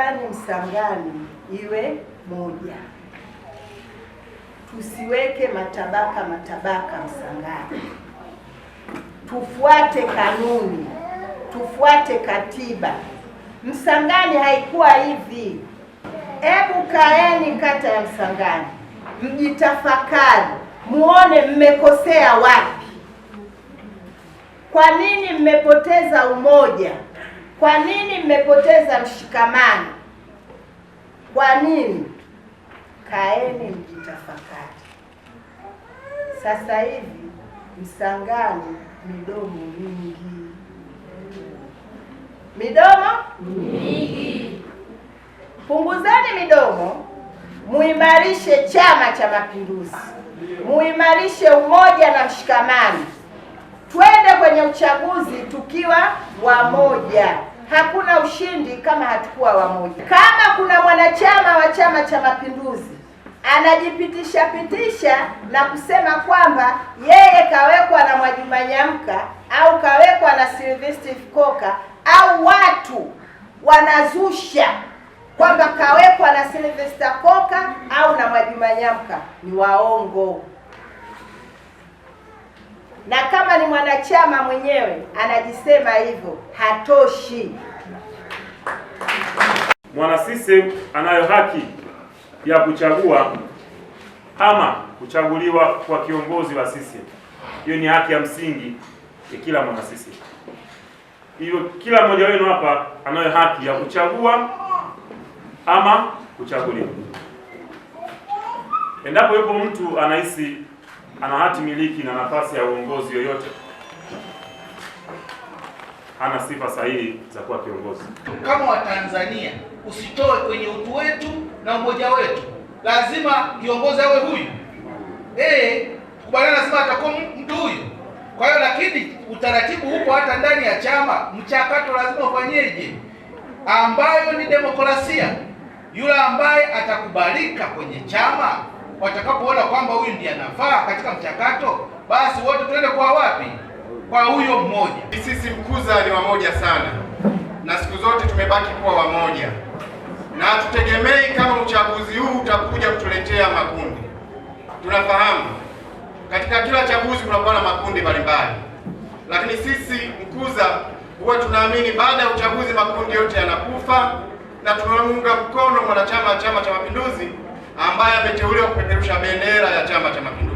sukari Msangani iwe moja, tusiweke matabaka matabaka Msangani, tufuate kanuni, tufuate katiba. Msangani haikuwa hivi. Hebu kaeni kata ya Msangani, mjitafakari, muone mmekosea wapi, kwa nini mmepoteza umoja, kwa nini mmepoteza mshikamano kwa nini? Kaeni mjitafakari. Sasa hivi msangani midomo mingi, midomo mingi. Punguzeni midomo, muimarishe Chama cha Mapinduzi, muimarishe umoja na mshikamano, twende kwenye uchaguzi tukiwa wamoja hakuna ushindi kama hatakuwa wamoja. Kama kuna mwanachama wa Chama cha Mapinduzi anajipitisha pitisha na kusema kwamba yeye kawekwa na Mwajuma Nyamka au kawekwa na Sylvester Koka au watu wanazusha kwamba kawekwa na Sylvester Koka au na Mwajuma Nyamka, ni waongo na kama ni mwanachama mwenyewe anajisema hivyo, hatoshi. Mwana CCM anayo haki ya kuchagua ama kuchaguliwa kwa kiongozi wa CCM. Hiyo ni haki ya msingi ya kila mwana CCM. Hivyo kila mmoja wenu hapa anayo haki ya kuchagua ama kuchaguliwa. Endapo yupo mtu anahisi ana hati miliki na nafasi ya uongozi yoyote, hana sifa sahihi za kuwa kiongozi. Kama Watanzania usitoe kwenye utu wetu na umoja wetu, lazima kiongozi awe huyu. Eh, kubaliana, lazima atakuwa mtu huyu. Kwa hiyo lakini utaratibu huko hata ndani ya chama, mchakato lazima ufanyeje, ambayo ni demokrasia. Yule ambaye atakubalika kwenye chama watakapoona kwamba huyu ndiye anafaa katika mchakato, basi wote tuende kwa wapi? Kwa huyo mmoja. Sisi Mkuza ni wamoja sana, na siku zote tumebaki kuwa wamoja, na hatutegemei kama uchaguzi huu utakuja kutuletea makundi. Tunafahamu katika kila chaguzi kunakuwa na makundi mbalimbali, lakini sisi Mkuza huwa tunaamini baada ya uchaguzi makundi yote yanakufa, na tunaunga mkono mwanachama wa Chama cha Mapinduzi ambaye ameteuliwa kupeperusha bendera ya Chama cha Mapinduzi.